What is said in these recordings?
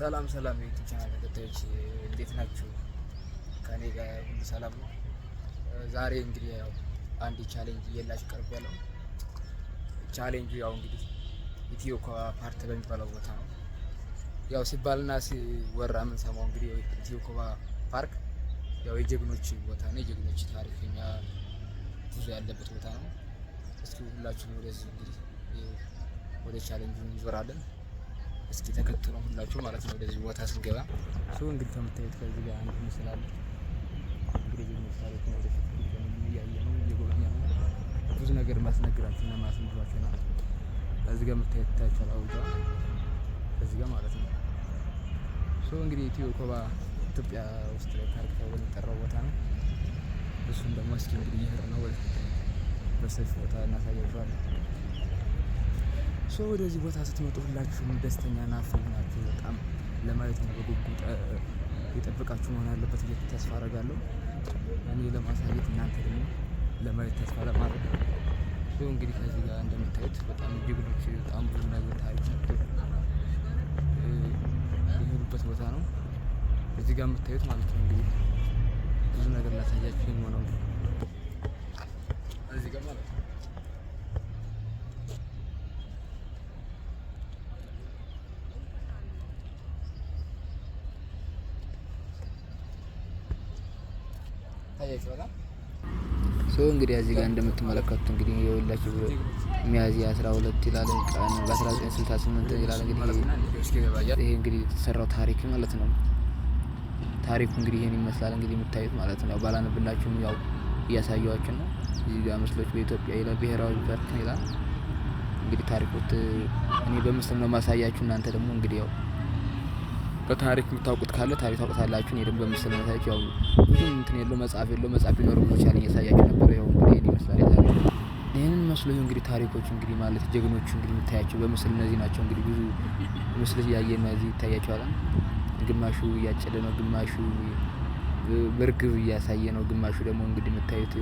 ሰላም ሰላም የዩቲዩብ ቻናል ተከታዮች እንዴት ናችሁ? ከኔ ጋር ሁሉ ሰላም ነው። ዛሬ እንግዲህ ያው አንድ ቻሌንጅ እየላችሁ ቀርብ ያለው ቻሌንጁ ያው እንግዲህ ኢትዮ ፓርት በሚባለው ቦታ ነው ያው ሲባልና ሲወራ የምንሰማው እንግዲህ ኢትዮ ኮባ ፓርክ ያው የጀግኖች ቦታ ነው። የጀግኖች ታሪክኛ ብዙ ያለበት ቦታ ነው። እስኪ ሁላችሁም ወደዚህ እንግዲህ ወደ ቻሌንጁ እንዞራለን። እስኪ ተከትሎ ሁላችሁ ማለት ነው ወደዚህ ቦታ ስንገባ ሱ እንግዲህ ከምታዩት ከዚህ ጋር አንድ ምስል አለ። እንግዲህ ምሳሌ እያየ ነው እየጎበኘ ነው ብዙ ነገር ማስነግራችሁ እና ማስነግራችሁ ነው። እዚህ ጋር የምታዩት ታይቷል አውጣ እዚህ ጋር ማለት ነው ሰው እንግዲህ ኢትዮ ኮባ ኢትዮጵያ ውስጥ ላይ ታሪክ ተብሎ የሚጠራው ቦታ ነው። እሱም ደግሞ እስኪ እንግዲህ ይሄድ ነው ወይ በሰፊ ቦታ እናሳያችኋለን። ሶ ወደዚህ ቦታ ስትመጡ ሁላችሁም ደስተኛ ፍሪ ናችሁ። በጣም ለማየት ነው በጉጉት የጠበቃችሁ መሆን ያለበት ብዬ ተስፋ አደርጋለሁ። እኔ ለማሳየት እናንተ ደግሞ ለማየት ተስፋ ለማድረግ ነው። እንግዲህ ከዚህ ጋር እንደምታዩት በጣም ጀግኖች በጣም ብዙ ነገር ታሪክ የሚሄዱበት ቦታ ነው። እዚህ ጋር የምታዩት ማለት ነው እንግዲህ ብዙ ነገር ላሳያችሁ የሚሆነው እዚህ ጋር ማለት ነው። እንግዲህ እዚህ ጋር እንደምትመለከቱት እንግዲህ የሁላችሁ ሚያዝያ 12 ይላል ቀን በ1968 ይላል። እንግዲህ ይሄ እንግዲህ የተሰራው ታሪክ ማለት ነው። ታሪኩ እንግዲህ ይሄን ይመስላል እንግዲህ የምታዩት ማለት ነው። ባላነብላችሁም ያው እያሳየኋችሁ ነው። እዚህ ጋር ምስሎች በኢትዮጵያ ይላል ብሔራዊ ፓርክ ይላል። እንግዲህ ታሪኮት እኔ በምስል ነው ማሳያችሁ እናንተ ደግሞ እንግዲህ ያው በታሪክ የምታውቁት ካለ ታሪክ ታውቁታላችሁ። እኔ ደግሞ በምስል መታየት ያው ብዙ እንትን የለው መጽሐፍ የለው መጽሐፍ ቢኖረው መቻል እያሳያችሁ ነበር። ያው እንግዲህ ይህን ይመስላል የዛሬ ይህንን መስሎ እንግዲህ ታሪኮች እንግዲህ ማለት ጀግኖቹ እንግዲህ የምታያቸው በምስል እነዚህ ናቸው። እንግዲህ ብዙ ምስል እያየ እነዚህ ይታያቸዋል። ግማሹ እያጨደ ነው፣ ግማሹ በርግብ እያሳየ ነው፣ ግማሹ ደግሞ እንግዲህ የምታዩት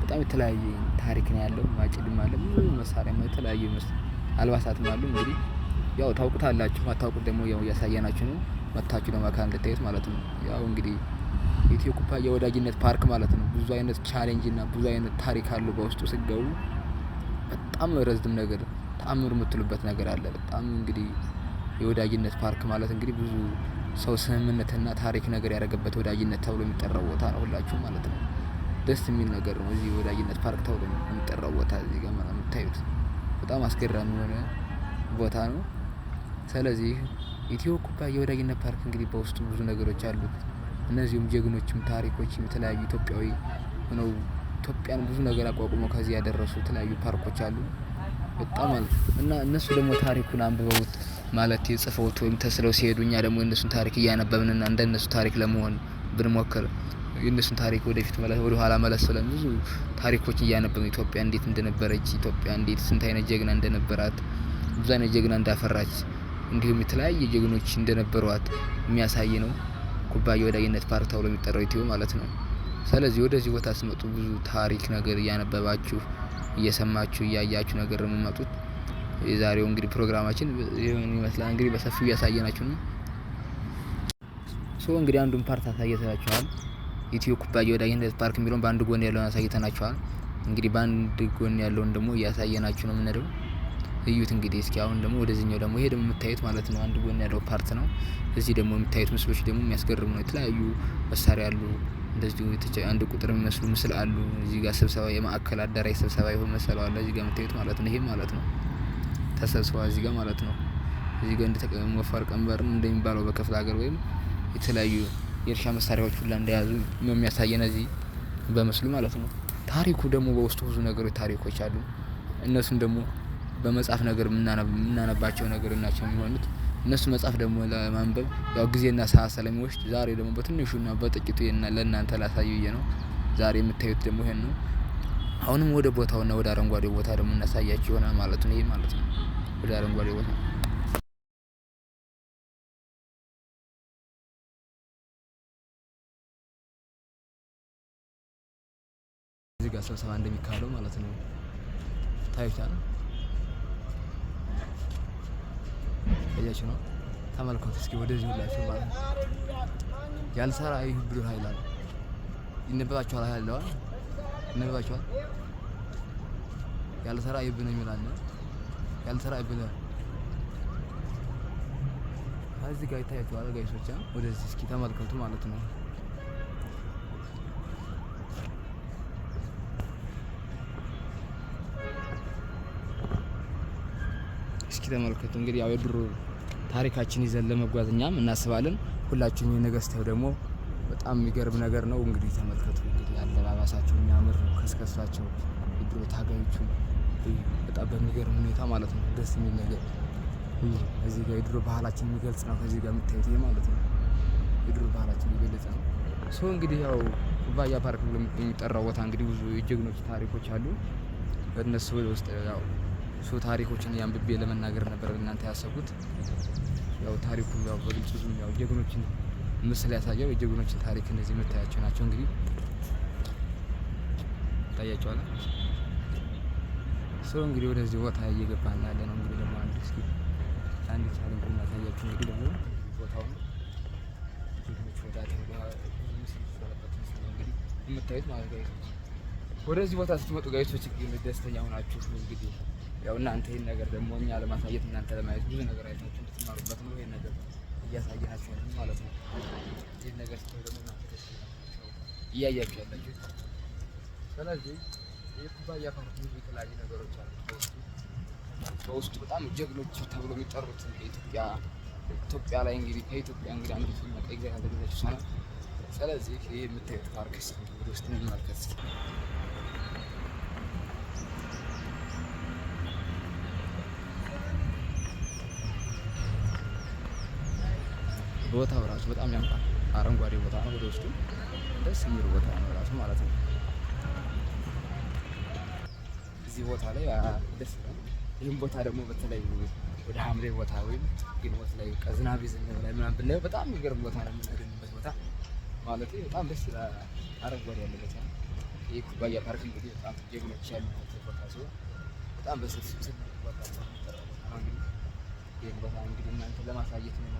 በጣም የተለያየ ታሪክ ነው ያለው። ማጭድም አለ ብዙ መሳሪያ የተለያዩ አልባሳትም አሉ እንግዲህ ያው ታውቁታላችሁ፣ ማታውቁት ደግሞ ያው እያሳየናችሁ ነው። መታችሁ ነው መካን ልታዩት ማለት ነው። ያው እንግዲህ ኢትዮ የወዳጅነት ፓርክ ማለት ነው። ብዙ አይነት ቻሌንጅ እና ብዙ አይነት ታሪክ አለው በውስጡ ስገቡ በጣም ረዝም ነገር ተአምር የምትሉበት ነገር አለ። በጣም እንግዲህ የወዳጅነት ፓርክ ማለት እንግዲህ ብዙ ሰው ስምምነትና ታሪክ ነገር ያደረገበት ወዳጅነት ተብሎ የሚጠራው ቦታ ነው። ሁላችሁ ማለት ነው ደስ የሚል ነገር ነው። እዚህ ወዳጅነት ፓርክ ተብሎ የሚጠራው ቦታ እዚህ ጋር የምታዩት በጣም አስገራሚ የሆነ ቦታ ነው። ስለዚህ ኢትዮ ኩባ የወዳጅነት ፓርክ እንግዲህ በውስጡ ብዙ ነገሮች አሉት። እነዚሁም ጀግኖችም ታሪኮችም የተለያዩ ኢትዮጵያዊ ሆነው ኢትዮጵያን ብዙ ነገር አቋቁሞ ከዚህ ያደረሱ የተለያዩ ፓርኮች አሉ። በጣም አሉ እና እነሱ ደግሞ ታሪኩን አንብበውት ማለት የጽፈውት ወይም ተስለው ሲሄዱ እኛ ደግሞ የእነሱን ታሪክ እያነበብንና እንደ እነሱ ታሪክ ለመሆን ብንሞክር የእነሱን ታሪክ ወደፊት ወደ ኋላ መለስ ብለን ብዙ ታሪኮች እያነበብን ኢትዮጵያ እንዴት እንደነበረች ኢትዮጵያ እንዴት ስንት አይነት ጀግና እንደነበራት ብዙ አይነት ጀግና እንዳፈራች እንዲሁም የተለያየ ጀግኖች እንደነበሯት የሚያሳይ ነው። ኩባያ ወዳጅነት ፓርክ ተብሎ የሚጠራው ኢትዮ ማለት ነው። ስለዚህ ወደዚህ ቦታ ስመጡ ብዙ ታሪክ ነገር እያነበባችሁ እየሰማችሁ እያያችሁ ነገር የምመጡት የዛሬው እንግዲህ ፕሮግራማችን ይሁን ይመስላል። እንግዲህ በሰፊው እያሳየናችሁ ነው። ሶ እንግዲህ አንዱን ፓርት አሳይተናችኋል። ኢትዮ ኩባያ ወዳጅነት ፓርክ የሚለውን በአንድ ጎን ያለውን አሳይተናችኋል። እንግዲህ በአንድ ጎን ያለውን ደግሞ እያሳየናችሁ ነው የምንሄደው። እዩት እንግዲህ እስኪ አሁን ደግሞ ወደዚህኛው ደግሞ ይሄ ደግሞ የምታዩት ማለት ነው አንድ ጎን ያለው ፓርት ነው። እዚህ ደግሞ የምታዩት ምስሎች ደግሞ የሚያስገርሙ ነው። የተለያዩ መሳሪያ አሉ እንደዚሁ አንድ ቁጥር የሚመስሉ ምስል አሉ። እዚህ ጋር ስብሰባ የማዕከል አዳራሽ ስብሰባ ይሆን መሰለው አለ እዚህ ጋር የምታዩት ማለት ነው። ይሄ ማለት ነው ተሰብስባ እዚህ ጋር ማለት ነው እዚህ ጋር እንደተቀመጠ ወፋር ቀንበር እንደሚባለው በክፍለ ሀገር ወይም የተለያዩ የእርሻ መሳሪያዎች ሁላ እንደያዙ ነው የሚያሳየን እዚህ በምስሉ ማለት ነው። ታሪኩ ደግሞ በውስጡ ብዙ ነገሮች ታሪኮች አሉ። እነሱም ደግሞ በመጽሐፍ ነገር የምናነባቸው ነገር ናቸው የሚሆኑት። እነሱ መጽሐፍ ደግሞ ለማንበብ ያው ጊዜና ሰዓት ስለሚወስድ ዛሬ ደግሞ በትንሹና በጥቂቱ ለእናንተ ላሳዩ ብዬ ነው። ዛሬ የምታዩት ደግሞ ይሄን ነው። አሁንም ወደ ቦታውና ወደ አረንጓዴ ቦታ ደግሞ እናሳያችሁ ይሆናል ማለት ነው። ይሄ ማለት ነው ወደ አረንጓዴ ቦታ እዚህ ጋር ስብሰባ እንደሚካሄደው ማለት ነው ታዩታል። እያችሁ ነው። ተመልከቱ እስኪ ወደዚህ ሁላችሁ ማለት ነው። ያልሰራ ይህ ብሎ ኃይል አለ ይነበባችኋል። ይነበባችኋል። ያልሰራ ይብን ያልሰራ ይብን እዚህ ጋር ይታያችኋል። ጋይሶቻ ወደዚህ እስኪ ተመልከቱ ማለት ነው። እስኪ ተመልከቱ። እንግዲህ ያው የድሮ ታሪካችን ይዘን ለመጓዝ እኛም እናስባለን። ሁላችሁም የነገስተው ደግሞ በጣም የሚገርም ነገር ነው። እንግዲህ ተመልከቱ። እንግዲህ አለባበሳቸው የሚያምር ነው። ከስከሳቸው የድሮ ታጋዮቹ በጣም በሚገርም ሁኔታ ማለት ነው። ደስ የሚል ነገር እዚህ ጋር የድሮ ባህላችን የሚገልጽ ነው። ከዚህ ጋር የምታዩት ይሄ ማለት ነው የድሮ ባህላችን የሚገልጽ ነው። ሶ እንግዲህ ያው ኩባያ ፓርክ የሚጠራው ቦታ እንግዲህ ብዙ የጀግኖች ታሪኮች አሉ። በእነሱ ውስጥ ያው ሶ ታሪኮችን ያንብቤ ለመናገር ነበር እናንተ ያሰቡት። ያው ታሪኩ ያው በግልጽ ዙም ያው ጀግኖችን ምስል ያሳያል። የጀግኖችን ታሪክ እነዚህ የምታያቸው ናቸው። እንግዲህ ታያቸዋል። ሶ እንግዲህ ወደዚህ ቦታ እየገባ ያለ ነው። እንግዲህ ደግሞ አንድ እስኪ አንድ ቻሌንጅ እናሳያችሁ። እንግዲህ ደግሞ ቦታውን የምታዩት ማለት ወደዚህ ቦታ ስትመጡ ጋይቶች ደስተኛ ሆናችሁ እንግዲህ ያው እናንተ ይህን ነገር ደግሞ እኛ ለማሳየት እናንተ ለማየት ብዙ ነገር አይታችሁ እንድትማሩበት ነው። ይህን ነገር እያሳየናችሁ ማለት ነው። ይህን ነገር ስትሆን ደግሞ እናንተ እያያችሁ ያላችሁ። ስለዚህ የኩባያ ፓርቲ የተለያዩ ነገሮች አሉ በውስጡ በጣም ጀግኖች ተብሎ የሚጠሩት ኢትዮጵያ ኢትዮጵያ ላይ እንግዲህ ከኢትዮጵያ እንግዲህ አንዱ ሲመጣ እግዚአብሔር ያደረገችው ሰው ነው። ስለዚህ ይህ የምታዩት ፓርክ ስ ወደ ውስጥ እንመልከት። ቦታው ራሱ በጣም ያምራል። አረንጓዴ ቦታ ነው። ወደ ውስጡ ደስ የሚል ቦታ ነው ራሱ ማለት ነው። እዚህ ቦታ ላይ ደስ ይላል። ይህም ቦታ ደግሞ በተለይ ወደ ሐምሌ ቦታ ወይም ግንቦት ላይ ዝናብ ይዘንብ ላይ ምናምን ብናየው በጣም የሚገርም ቦታ ነው የምንገኝበት ቦታ ማለት በጣም ደስ ይላል። አረንጓዴ ያለ ቦታ ነው። ይህ ኩባያ ፓርክ እንግዲህ በጣም ጀግኖች ያሉበት ቦታ ሲሆን በጣም በስብስብ ቦታ ነው። ይህን ቦታ እንግዲህ እናንተ ለማሳየት ነው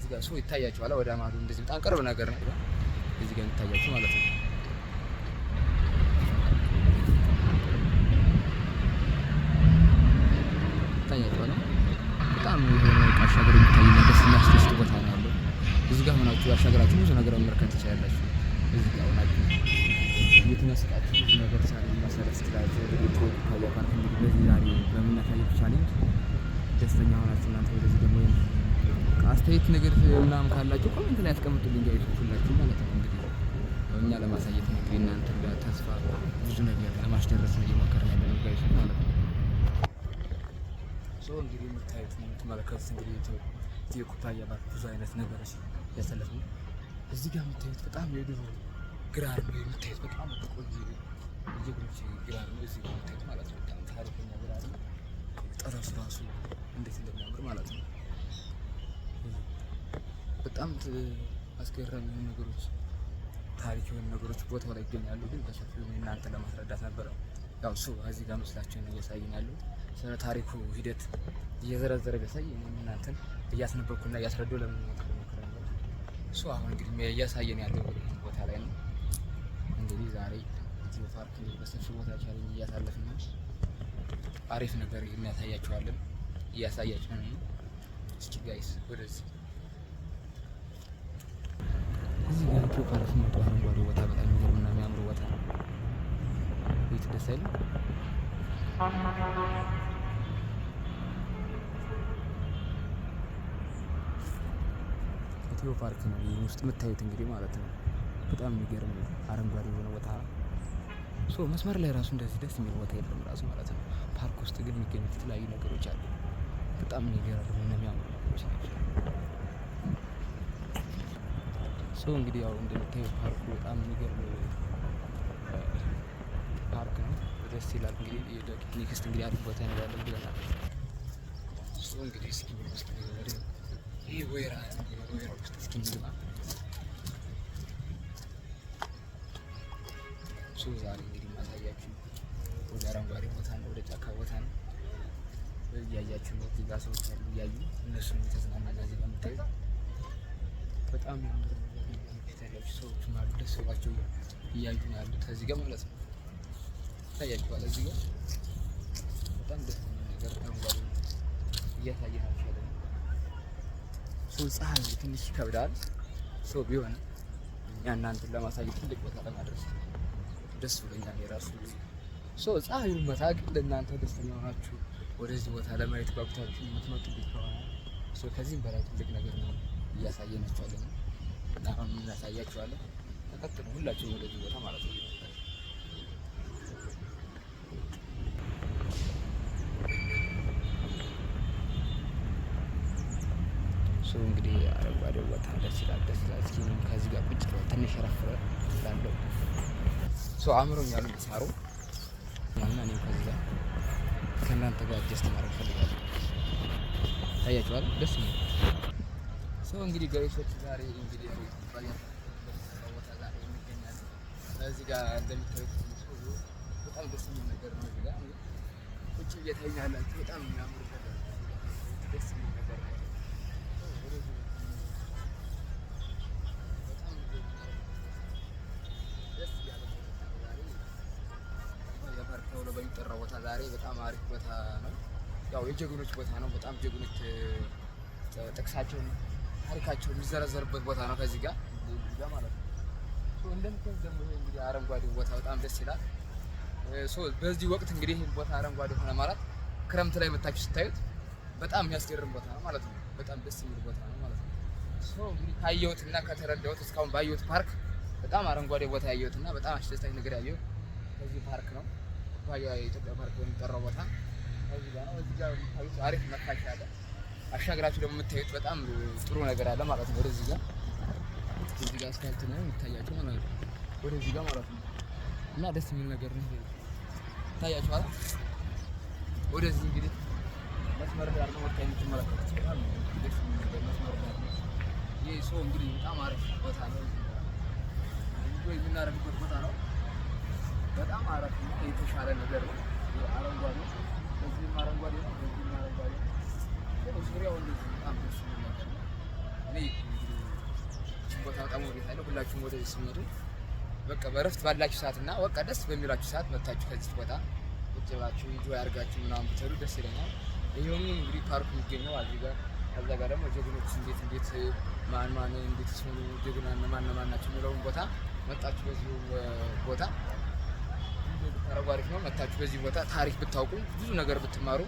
እዚህ ጋር ሰው ይታያችኋል። ወደ ማዶ እንደዚህ በጣም ቅርብ ነገር ነው። እዚህ ጋር የሚታያችሁ ማለት ነው። ይታያችኋል። በጣም የሆነ አሻገር የሚታይና ደስ የሚያስደስት ቦታ ነው ያለው። እዚህ ጋር ሆናችሁ አሻገራችሁ ብዙ ነገር መመልከት ትችላላችሁ። እዚህ ጋር ሆናችሁ የተነስቃችሁ ብዙ ነገር ሳለ መሰረት ስላቸው ፓርክ እንግዲህ በዚህ ዛሬ በምናሳየት ቻሌንጅ ደስተኛ ሆናችሁ እናንተ ወደዚህ ደግሞ አስተያየት ነገር ምናምን ካላችሁ ኮሜንት ላይ ያስቀምጡልኝ ሁላችሁ ማለት ነው። እንግዲህ እኛ ለማሳየት እንግዲህ እናንተ ጋር ተስፋ ብዙ ነገር ለማስደረስ ነው እየሞከርን ያለ ጋይሱ ማለት ነው። ሶ እንግዲህ የምታዩት የምትመለከቱት እንግዲህ ኢትዮ ኩባያ ባንክ ብዙ አይነት ነገሮች ያሳለፍ ነው። እዚህ ጋር የምታዩት በጣም የድሮ ግራር ነው የምታዩት በጣም ቆንጆ ጀግኖች ግራር ነው እዚህ ጋር የምታዩት ማለት ነው። በጣም ታሪከኛ ግራር ነው። ጠረፍ ራሱ እንዴት እንደሚያምር ማለት ነው። በጣም አስገራሚ የሆኑ ነገሮች፣ ታሪክ የሆኑ ነገሮች ቦታው ላይ ይገኛሉ። ግን በሰፊው እናንተ ለማስረዳት ነበረ ያው እሱ እዚህ ጋር ምስላቸውን እያሳየን ያለው ስለ ታሪኩ ሂደት እየዘረዘረ ቢያሳይ እናንተን እያስነበብኩና ለምንሞክር ለምን ነበር። እሱ አሁን እንግዲህ እያሳየን ያለው ቦታ ላይ ነው። እንግዲህ ዛሬ ኢትዮ ፓርክ በሰፊ ቦታ ቻለኝ እያሳለፍን ነው። አሪፍ ነገር እያሳያቸው ነው። እስኪ ጋይስ ወደዚህ እዚህ ጋር ፓርክ ነው። አረንጓዴ ቦታ በጣም የሚገርምና የሚያምር ቦታ ነው። ቤት ደስ አይልም? ኢትዮ ፓርክ ነው ውስጥ የምታዩት እንግዲህ ማለት ነው። በጣም የሚገርም አረንጓዴ የሆነ ቦታ ሶ መስመር ላይ ራሱ እንደዚህ ደስ የሚል ቦታ የለም ራሱ ማለት ነው። ፓርክ ውስጥ ግን የሚገኙት የተለያዩ ነገሮች አሉ። በጣም የሚገርም ነው የሚያምሩ ሰው እንግዲህ ያው እንደምታዩት ፓርኩ በጣም የሚገርም ፓርክ ነው፣ ደስ ይላል። እንግዲህ ኔክስት እንግዲህ አሪፍ ቦታ እንሄዳለን ብለናል። እሱ እንግዲህ እስኪ ውስጥ ይህ ወይራ ወይራ ውስጥ እስኪ እንግባ። ዛሬ እንግዲህ ማሳያችሁ ወደ አረንጓዴ ቦታ ነው፣ ወደ ጫካ ቦታ ነው እያያችሁ ነው። እዚህ ጋር ሰዎች አሉ እያዩ እነሱ የተዝናና ጋዜ በምታዩ በጣም ያምር ያላችሁ ሰዎችም ማሉ ደስ ብሏቸው እያዩ ነው ያሉት ከዚህ ጋር ማለት ነው። ይታያችኋል። እዚህ ጋር በጣም ደስ የሚል ነገር እያሳየ ናቸው ያለ ነው። ሰው ፀሐይ ትንሽ ይከብዳል። ሰው ቢሆን እኛ እናንተን ለማሳየት ትልቅ ቦታ ለማድረስ ደስ ብሎኛል። የራሱ ሰው ፀሐዩን መታቅ ለእናንተ ደስተኛ ሆናችሁ ወደዚህ ቦታ ለማየት ጓጉታችሁ የምትመጡበት ከሆነ ከዚህም በላይ ትልቅ ነገር ነው እያሳየ ያለ ነው። አሁን እናሳያችኋለን። ተከትሉ ሁላችሁ ወደዚህ ቦታ ማለት ነው። እሱ እንግዲህ አረንጓዴው ቦታ ደስ ይላል፣ ደስ ይላል። እስኪ ከዚህ ጋር ቁጭ ነው ትንሽ ረፍረ ላለው ሰው አእምሮኛል ሳሩ ያና እኔ ከዚህ ጋር ከእናንተ ጋር ጀስት ማድረግ ፈልጋለሁ። ታያችኋል፣ ደስ ይላል። ሰው እንግዲህ ጋይሶች ዛሬ እንግዲህ እዚህ ጋር እንደሚታዩት በጣም ደስ የሚል ነገር ነው። እዚህ ጋር ቁጭ በጣም ደስ የሚል ነገር ነው። ተብሎ በሚጠራው ቦታ ዛሬ በጣም አሪፍ ቦታ ነው። ያው የጀግኖች ቦታ ነው። በጣም ጀግኖች ጥቅሳቸውን ታሪካቸው የሚዘረዘርበት ቦታ ነው። ከዚህ ጋር ማለት እንደምታዩት ደግሞ ይሄ እንግዲህ አረንጓዴ ቦታ በጣም ደስ ይላል። በዚህ ወቅት እንግዲህ ይህ ቦታ አረንጓዴ ሆነ ማለት ክረምት ላይ መታችሁ ስታዩት በጣም የሚያስገርም ቦታ ነው ማለት ነው። በጣም ደስ የሚል ቦታ ነው ማለት ነው። እንግዲህ ካየሁት እና ከተረዳሁት እስካሁን ባየሁት ፓርክ በጣም አረንጓዴ ቦታ ያየሁት እና በጣም አስደሳች ነገር ያየሁት ከዚህ ፓርክ ነው። የኢትዮጵያ ፓርክ የሚጠራው ቦታ ከዚህ ጋር ነው። እዚህ ጋር አሪፍ መታች ያለ አሻግራችሁ ደግሞ የምታዩት በጣም ጥሩ ነገር አለ ማለት ነው። ወደዚህ ጋር እዚህ ጋር አስፋልት ነው የሚታያችሁ ማለት ነው። ወደዚህ ጋር ማለት ነው እና ደስ የሚል ነገር ነው ታያችሁ አይደል? ወደዚህ እንግዲህ መስመር ዳር ነው ወጣ የምትመለከቱት ይችላል። ደስ የሚል ነገር መስመር ዳር ነው። ይሄ ሰው እንግዲህ በጣም አሪፍ ቦታ ነው። እንግዲህ የምናደርግበት ቦታ ነው። በጣም አረፍ ነው። የተሻለ ነገር ነው። አረንጓዴ ነው። በዚህም አረንጓዴ ነው። ዙሪያው እንደዚህ በጣም ደስ ቦታ በጣም ወዴታለሁ። ሁላችሁም ወደዚህ ስንሄዱ በቃ በእረፍት ባላችሁ ሰዓት እና በቃ ደስ በሚላችሁ ሰዓት መታችሁ ከዚህ ቦታ ቁጭ ብላችሁ እንጆ ያርጋችሁ ምናምን ብትሄዱ ደስ ይለኛል። ይኸውም እንግዲህ ፓርኩ የሚገኘው እዚህ ጋር ከዛ ጋር ደግሞ ጀግኖች እንዴት እንዴት ማን ማን እንዴት ሲሆኑ ጀግና ማን ማን ናቸው የሚለውን ቦታ መጣችሁ በዚሁ ቦታ አረጓሪፍ ነው። መታችሁ በዚህ ቦታ ታሪክ ብታውቁ ብዙ ነገር ብትማሩ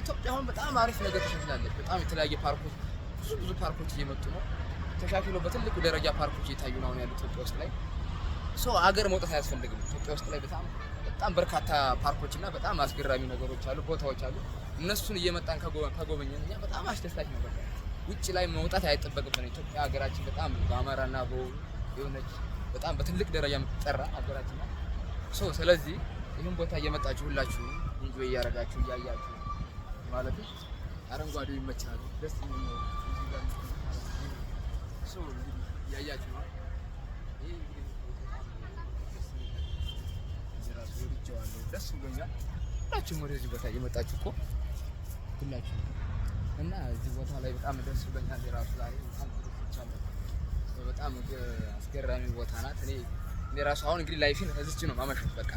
ኢትዮጵያ አሁን በጣም አሪፍ ነገር ተሻሽላለች። በጣም የተለያየ ፓርኮች ብዙ ብዙ ፓርኮች እየመጡ ነው ተሻሽሎ በትልቁ ደረጃ ፓርኮች እየታዩ ነው አሁን ያሉት ኢትዮጵያ ውስጥ ላይ። አገር መውጣት አያስፈልግም። ኢትዮጵያ ውስጥ ላይ በጣም በጣም በርካታ ፓርኮች እና በጣም አስገራሚ ነገሮች አሉ፣ ቦታዎች አሉ። እነሱን እየመጣን ከጎበኘን እኛ በጣም አስደሳች ነገር ውጭ ላይ መውጣት አይጠበቅብን። ኢትዮጵያ ሀገራችን በጣም በአማራና በወሉ የሆነች በጣም በትልቅ ደረጃ የምትጠራ ሀገራችን ናት። ስለዚህ ይህን ቦታ እየመጣችሁ ሁላችሁ እንጆ እያደረጋችሁ እያያችሁ ማለት አረንጓዴው ይመቻል። ደስ ያያችሁ ነው። ደስ ሁላችሁም ወደዚህ ቦታ እየመጣችሁ እኮ ሁላችሁ እና እዚህ ቦታ ላይ በጣም ደስ ብሎኛል። የራሱ ዛሬ በጣም አስገራሚ ቦታ ናት። እኔ ራሱ አሁን እንግዲህ ላይፊን እዚች ነው ማመሸት በቃ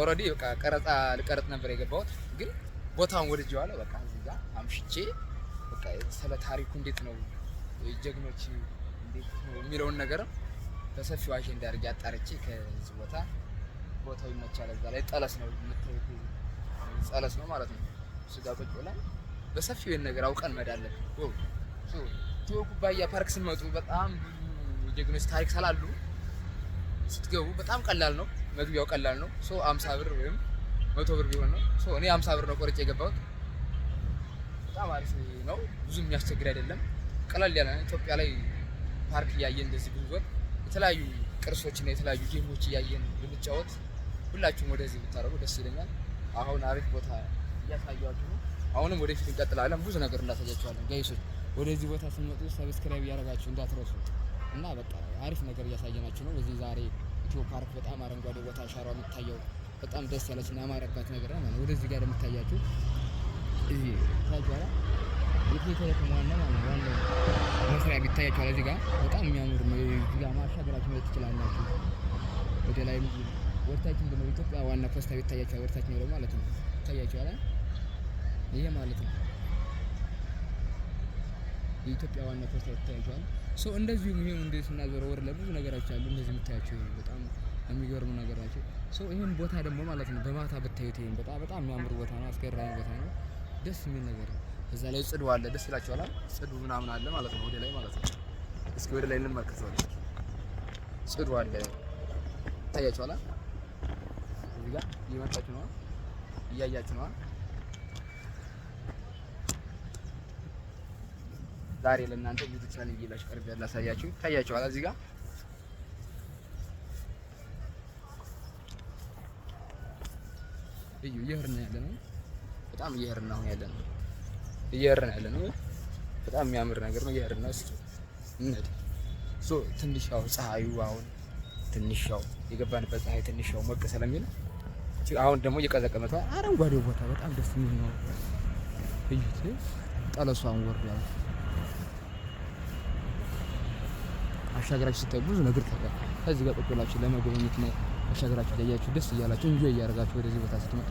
ኦልሬዲ በቃ ቀረጻ ልቀረጽ ነበር የገባሁት ግን ቦታውን ወድጄዋለሁ። በቃ እዚህ ጋር አምሽቼ በቃ ስለ ታሪኩ እንዴት ነው ጀግኖች እንዴት ነው የሚለውን ነገርም በሰፊው አጀንዳ አድርጌ አጣርቼ ከዚህ ቦታ ቦታው ይመቻል። እዛ ላይ ጠለስ ነው የምታዩት፣ ጠለስ ነው ማለት ነው። እሱ ጋር ቁጭ ብለን በሰፊው ይሄን ነገር አውቀን መዳለን። ጆ ኩባያ ፓርክ ስትመጡ በጣም ብዙ ጀግኖች ታሪክ ስላሉ ስትገቡ በጣም ቀላል ነው፣ መግቢያው ቀላል ነው። ሶ አምሳ ብር ወይም መቶ ብር ቢሆን ነው። እኔ አምሳ ብር ነው ቆርጬ የገባሁት። በጣም አሪፍ ነው። ብዙ የሚያስቸግር አይደለም። ቀለል ያለ ኢትዮጵያ ላይ ፓርክ እያየን እንደዚህ ብንዞር የተለያዩ ቅርሶችና የተለያዩ ጌሞች እያየን ብንጫወት ሁላችሁም ወደዚህ ብታደርጉ ደስ ይለኛል። አሁን አሪፍ ቦታ እያሳያችሁ ነው። አሁንም ወደፊት እንቀጥላለን። ብዙ ነገር እናሳያችኋለን። ጋይሶች ወደዚህ ቦታ ስንመጡ ሰብስክራይብ እያደረጋችሁ እንዳትረሱ እና በቃ አሪፍ ነገር እያሳየናችሁ ነው። እዚህ ዛሬ ኢትዮ ፓርክ በጣም አረንጓዴ ቦታ ሻሯ የሚታየው በጣም ደስ እና ያማረባት ነገር ነው። ወደዚህ ጋር የምታያችሁ እዚህ ቴሌኮም ዋና ማለት ዋና መስሪያ እዚህ ጋር በጣም የሚያምር ነው። እዚህ ጋር ማሻገራችሁ መሄድ ትችላላችሁ። ወደ ላይ ደግሞ ኢትዮጵያ ዋና ፖስታ ቤት ነው ማለት ነው። ታያችኋል። ይሄ ማለት ነው የኢትዮጵያ ዋና ፖስታ ሶ እንደዚሁም ይሄ እንደዚህ ስናዞረው ወር ለብዙ ነገራችሁ አሉ። እንደዚህ የምታያቸው በጣም የሚገርሙ ነገር ናቸው። ሰው ይህን ቦታ ደግሞ ማለት ነው በማታ ብታዩት ይህን በጣም በጣም የሚያምሩ ቦታ ነው። አስገራሚ ቦታ ነው። ደስ የሚል ነገር ነው። እዛ ላይ ጽዱ አለ። ደስ ይላቸዋል። ጽዱ ምናምን አለ ማለት ነው። ወደ ላይ ማለት ነው። እስኪ ወደ ላይ እንመልከተዋለን። ጽዱ አለ ይታያቸዋል። እዚህ ጋር እየመጣችሁ ነዋ፣ እያያችሁ ነዋ። ዛሬ ለእናንተ ዩቱብ ቻናል እየላችሁ ቀርብ ያላሳያችሁ ይታያቸዋል እዚህ ጋር እዩ እየሄድን ያለ ነው። በጣም እየሄድን አሁን ያለ ነው። እየሄድን ያለ ነው። በጣም የሚያምር ነገር ነው። እየሄድን ነው። እስኪ እንሂድ። ሶ ትንሽ ያው ፀሐዩ አሁን ትንሽ ያው የገባንበት ፀሐይ ትንሽ ያው ሞቅ ስለሚል አሁን ደግሞ እየቀዘቀዘ አረንጓዴው ቦታ በጣም ደስ የሚል ነው። እዩት። ጠለሷን ወርድ ያለ አሻገራችሁ ስታይ ብዙ ነገር ታውቃለህ። ከዚህ ጋር ቁጭ ብላችሁ ለመጎብኘት ነው ተሻግራችሁ እያያችሁ ደስ እያላችሁ እንጆ እያደረጋችሁ ወደዚህ ቦታ ስትመጡ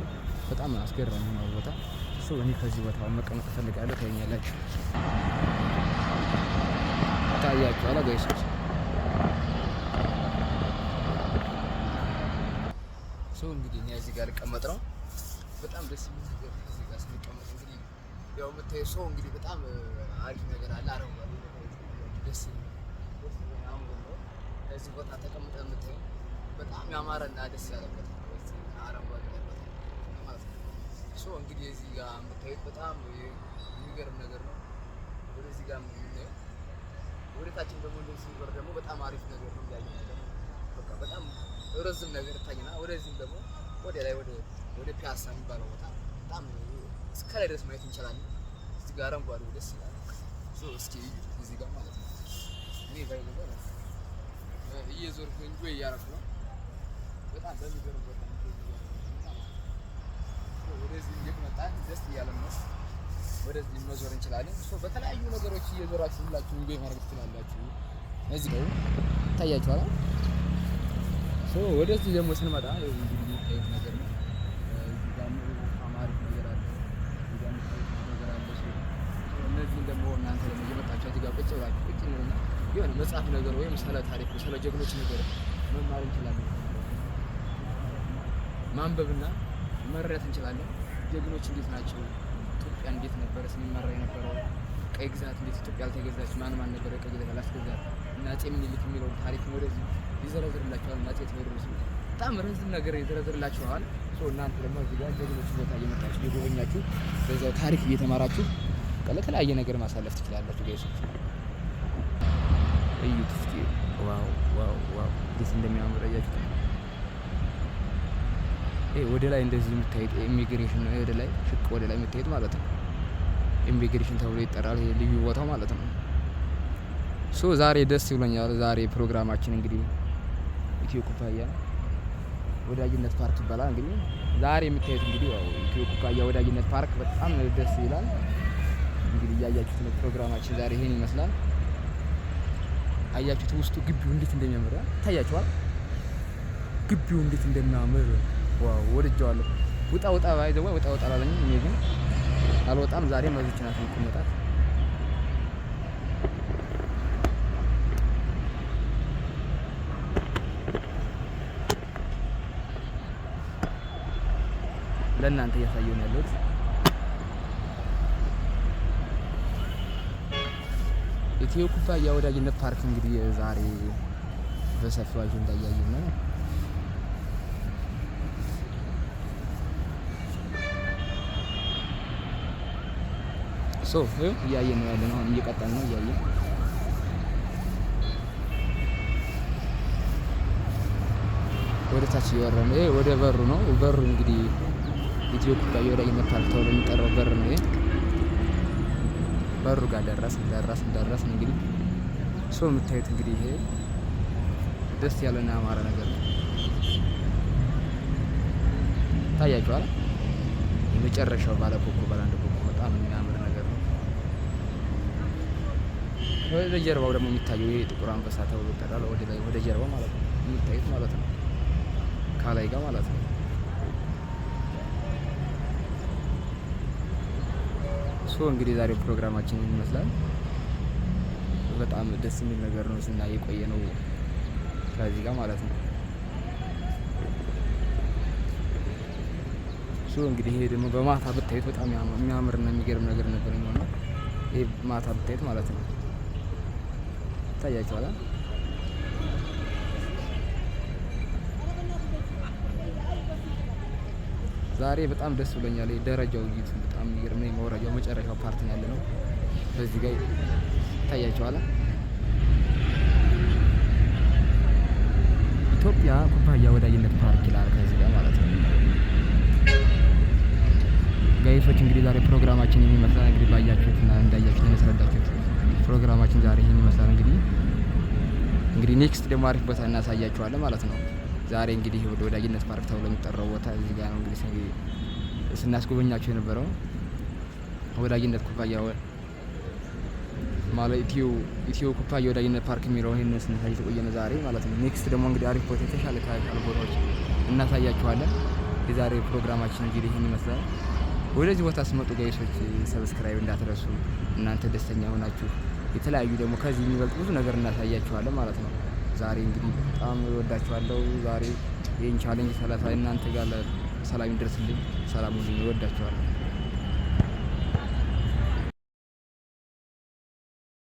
በጣም አስገራሚ ነው ቦታ እሱ። እኔ ከዚህ ቦታ መቀመጥ እፈልጋለሁ። ታኛላችሁ ታያችሁ አላ ጋይሶች። ሰው እንግዲህ እኔ እዚህ ጋር ልቀመጥ ነው። በጣም ደስ የሚል ነገር እዚህ ጋር ስንቀመጥ እንግዲህ ያው የምታየው ሰው እንግዲህ በጣም አሪፍ ነገር አለ። አረንጓዴ ደስ የሚል ነው። ከዚህ ቦታ ተቀምጠ የምታየው በጣም ያማረና ደስ ያለበት አረንጓዴ ማለት እንግዲህ እዚህ ጋር የምታዩት በጣም የሚገርም ነገር ነው። ወደዚህ ጋር የምናየው ወደታችን ደግሞ ስንበር ደግሞ በጣም አሪፍ ነገር ነው። በቃ በጣም ረዝም ነገር ታይና ወደዚህም ደግሞ ወደ ላይ ወደ ፒያሳ የሚባለው ቦታ በጣም እስከ ላይ ድረስ ማየት እንችላለን። እዚህ ጋር አረንጓዴ ደስ ይላል። እስኪ እዚህ ጋር ማለት ነው እየዞርኩ እንጂ እያረኩ ነው በጣም በሚገርም ቦታ ወደዚህ ደስ እያለን ነው። ወደዚህ መዞር እንችላለን። በተለያዩ ነገሮች እየዞራችሁ ሁላችሁ ማድረግ ትችላላችሁ። እዚህ ነው ይታያችኋል። ወደዚህ ደግሞ ስንመጣ የሚታየት ነገር ነው። አማሪፍ ደግሞ እናንተ ደግሞ እየመጣችሁ እዚህ ጋር ቁጭ ብላችሁ ቁጭ የሆነ መጽሐፍ ነገር ወይም ስለ ታሪክ ስለ ጀግኖች ነገር መማር እንችላለን። ማንበብና መረዳት እንችላለን። ጀግኖች እንዴት ናቸው? ኢትዮጵያ እንዴት ነበረ ስንመራ የነበረው? ቀይ ግዛት እንዴት ኢትዮጵያ አልተገዛች? ማን ማን ነበረ ቀይ ግዛት አላስገዛት? እና አፄ ምኒልክ የሚለውን ታሪክ ወደዚህ ይዘረዝርላቸዋል። እና አፄ ቴዎድሮስ በጣም ረዝም ነገር ይዘረዝርላቸዋል። እናንተ ደግሞ እዚህ ጋር ጀግኖች ቦታ እየመጣችሁ እየጎበኛችሁ በዛው ታሪክ እየተማራችሁ ለተለያየ ነገር ማሳለፍ ትችላላችሁ። ጋይሶች እዩት እስኪ ዋው ዋው ዋው፣ ደስ እንደሚያምር እያችሁ ወደ ላይ እንደዚህ የምታሄድ ኢሚግሬሽን ነው። ወደ ላይ ሽቅ ወደ ላይ የምታሄድ ማለት ነው። ኢሚግሬሽን ተብሎ ይጠራል። ይሄ ልዩ ቦታው ማለት ነው። ሶ ዛሬ ደስ ይብሎኛል። ዛሬ ፕሮግራማችን እንግዲህ ኢትዮ ኩባያ ወዳጅነት ፓርክ ይባላል። እንግዲህ ዛሬ የምታዩት እንግዲህ ያው ኢትዮ ኩባያ ወዳጅነት ፓርክ በጣም ደስ ይላል። እንግዲህ እያያችሁት ነው። ፕሮግራማችን ዛሬ ይሄን ይመስላል። አያችሁት ውስጡ ግቢው እንዴት እንደሚያምር ታያችኋል። ግቢው እንዴት እንደሚያምር ወድጀዋለሁ። ውጣ ውጣ ባይዘዋ ውጣ ውጣ አላለኝም። እኔ ግን አልወጣም። ዛሬ መዞች ናት የምትመጣት። ለእናንተ ያለሁት ኢትዮ ኩባያ ወዳጅነት ፓርክ እንግዲህ ዛሬ በሰፊው አጀንዳ እያየን ነው። ሰው እያየን ነው ያለ ነው። አሁን እየቀጠል ነው እያየን ወደ ታች እየወረ ነው። ይሄ ወደ በሩ ነው። በሩ እንግዲህ ኢትዮ ኩባያ ወደ ይመታል ተብሎ የሚጠራው በር ነው። ይሄ በሩ ጋር ደረስን ደረስን ደረስን። እንግዲህ ሶ የምታዩት እንግዲህ ይሄ ደስ ያለና ያማረ ነገር ነው። ታያችኋል። የመጨረሻው ባለ ኮከብ ባለ አንድ ወደ ጀርባው ደግሞ የሚታየው የጥቁር አንበሳ ተብሎ ይጠራል። ወደ ላይ ወደ ጀርባው ማለት ነው የሚታዩት ማለት ነው ካላይ ጋር ማለት ነው። ሶ እንግዲህ ዛሬው ፕሮግራማችን ይመስላል። በጣም ደስ የሚል ነገር ነው ስና የቆየ ነው ከዚህ ጋር ማለት ነው። ሶ እንግዲህ ይሄ ደግሞ በማታ ብታዩት በጣም የሚያምርና የሚገርም ነገር ነበር የሚሆነው ይሄ ማታ ብታዩት ማለት ነው። ይታያቸዋል። ዛሬ በጣም ደስ ብሎኛል። ደረጃው እዩት፣ በጣም የሚገርም ነው። መጨረሻው ፓርት ያለ ነው። በዚህ ጋር ይታያቸዋል። ኢትዮጵያ ኩባያ ወዳጅነት ፓርክ ይላል። ከዚህ ጋር ማለት ነው። ጋይሶች እንግዲህ ዛሬ ፕሮግራማችን የሚመስላል እንግዲህ ባያችሁትና እንዳያችሁት ነው ፕሮግራማችን ዛሬ ይህን ይመስላል። እንግዲህ እንግዲህ ኔክስት ደግሞ አሪፍ ቦታ እናሳያችኋለን ማለት ነው። ዛሬ እንግዲህ ወደ ወዳጅነት ፓርክ ተብሎ የሚጠራው ቦታ እዚህ ጋር ነው እንግዲህ ስናስጎበኛቸው የነበረው ወዳጅነት ኩባያ ማለት ኢትዮ ኩባያ ወዳጅነት ፓርክ የሚለው ይህን ስናሳይ ተቆየነ ዛሬ ማለት ነው። ኔክስት ደግሞ እንግዲህ አሪፍ ቦታ የተሻለ ካቃሉ ቦታዎች እናሳያችኋለን። የዛሬ ፕሮግራማችን እንግዲህ ይህን ይመስላል። ወደዚህ ቦታ ስመጡ ጋይሶች ሰብስክራይብ እንዳትረሱ እናንተ ደስተኛ ሆናችሁ የተለያዩ ደግሞ ከዚህ የሚበልጥ ብዙ ነገር እናሳያችኋለን ማለት ነው። ዛሬ እንግዲህ በጣም እወዳችኋለሁ። ዛሬ ይህን ቻሌንጅ ሰላሳ እናንተ ጋር ሰላም ይደርስልኝ። ሰላም ሁሉ እወዳችኋለሁ።